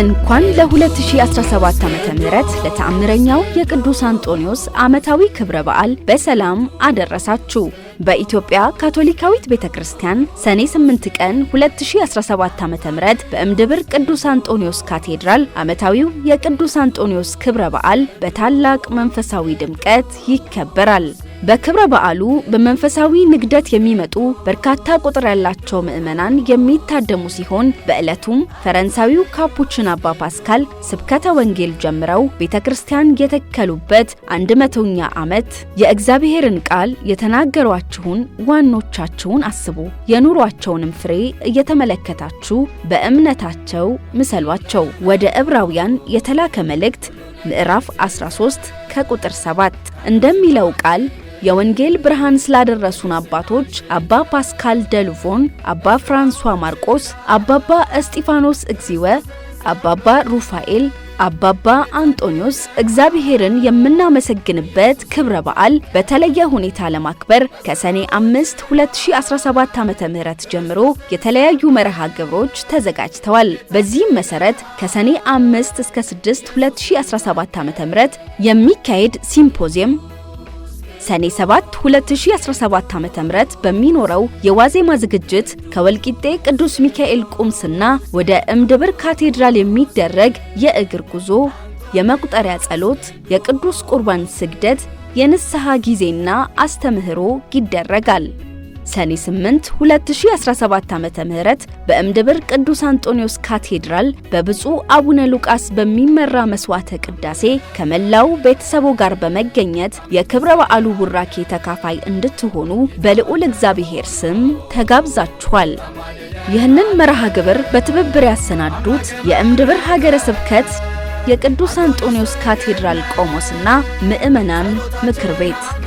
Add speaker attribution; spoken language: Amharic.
Speaker 1: እንኳን ለ2017 ዓ.ም ለተአምረኛው የቅዱስ አንጦንዮስ ዓመታዊ ክብረ በዓል በሰላም አደረሳችሁ። በኢትዮጵያ ካቶሊካዊት ቤተ ክርስቲያን ሰኔ 8 ቀን 2017 ዓ.ም በእምድብር ቅዱስ አንጦንዮስ ካቴድራል ዓመታዊው የቅዱስ አንጦንዮስ ክብረ በዓል በታላቅ መንፈሳዊ ድምቀት ይከበራል። በክብረ በዓሉ በመንፈሳዊ ንግደት የሚመጡ በርካታ ቁጥር ያላቸው ምዕመናን የሚታደሙ ሲሆን በዕለቱም ፈረንሳዊው ካፑችን አባ ፓስካል ስብከተ ወንጌል ጀምረው ቤተ ክርስቲያን የተከሉበት አንድ መቶኛ ዓመት የእግዚአብሔርን ቃል የተናገሯችሁን ዋኖቻችሁን አስቡ፣ የኑሯቸውንም ፍሬ እየተመለከታችሁ በእምነታቸው ምሰሏቸው ወደ ዕብራውያን የተላከ መልእክት ምዕራፍ 13 ከቁጥር 7 እንደሚለው ቃል የወንጌል ብርሃን ስላደረሱን አባቶች አባ ፓስካል ደልቮን፣ አባ ፍራንሷ ማርቆስ፣ አባባ እስጢፋኖስ እግዚወ፣ አባባ ሩፋኤል አባባ አንጦኒዮስ እግዚአብሔርን የምናመሰግንበት ክብረ በዓል በተለየ ሁኔታ ለማክበር ከሰኔ 5 2017 ም ጀምሮ የተለያዩ መርሃ ግብሮች ተዘጋጅተዋል። በዚህም መሰረት ከሰኔ 5 እስከ 6 2017 ዓ.ም የሚካሄድ ሲምፖዚየም ሰኔ 7 2017 ዓ.ም በሚኖረው የዋዜማ ዝግጅት ከወልቂጤ ቅዱስ ሚካኤል ቁምስና ወደ እምድብር ካቴድራል የሚደረግ የእግር ጉዞ፣ የመቁጠሪያ ጸሎት፣ የቅዱስ ቁርባን ስግደት፣ የንስሐ ጊዜና አስተምህሮ ይደረጋል። ሰኔ 8 2017 ዓ.ም በእምድብር ቅዱስ አንጦኒዮስ ካቴድራል በብፁዕ አቡነ ሉቃስ በሚመራ መስዋዕተ ቅዳሴ ከመላው ቤተሰቡ ጋር በመገኘት የክብረ በዓሉ ቡራኬ ተካፋይ እንድትሆኑ በልዑል እግዚአብሔር ስም ተጋብዛችኋል። ይህንን መርሃ ግብር በትብብር ያሰናዱት የእምድብር ሀገረ ስብከት የቅዱስ አንጦኒዮስ ካቴድራል ቆሞስና ምዕመናን ምክር ቤት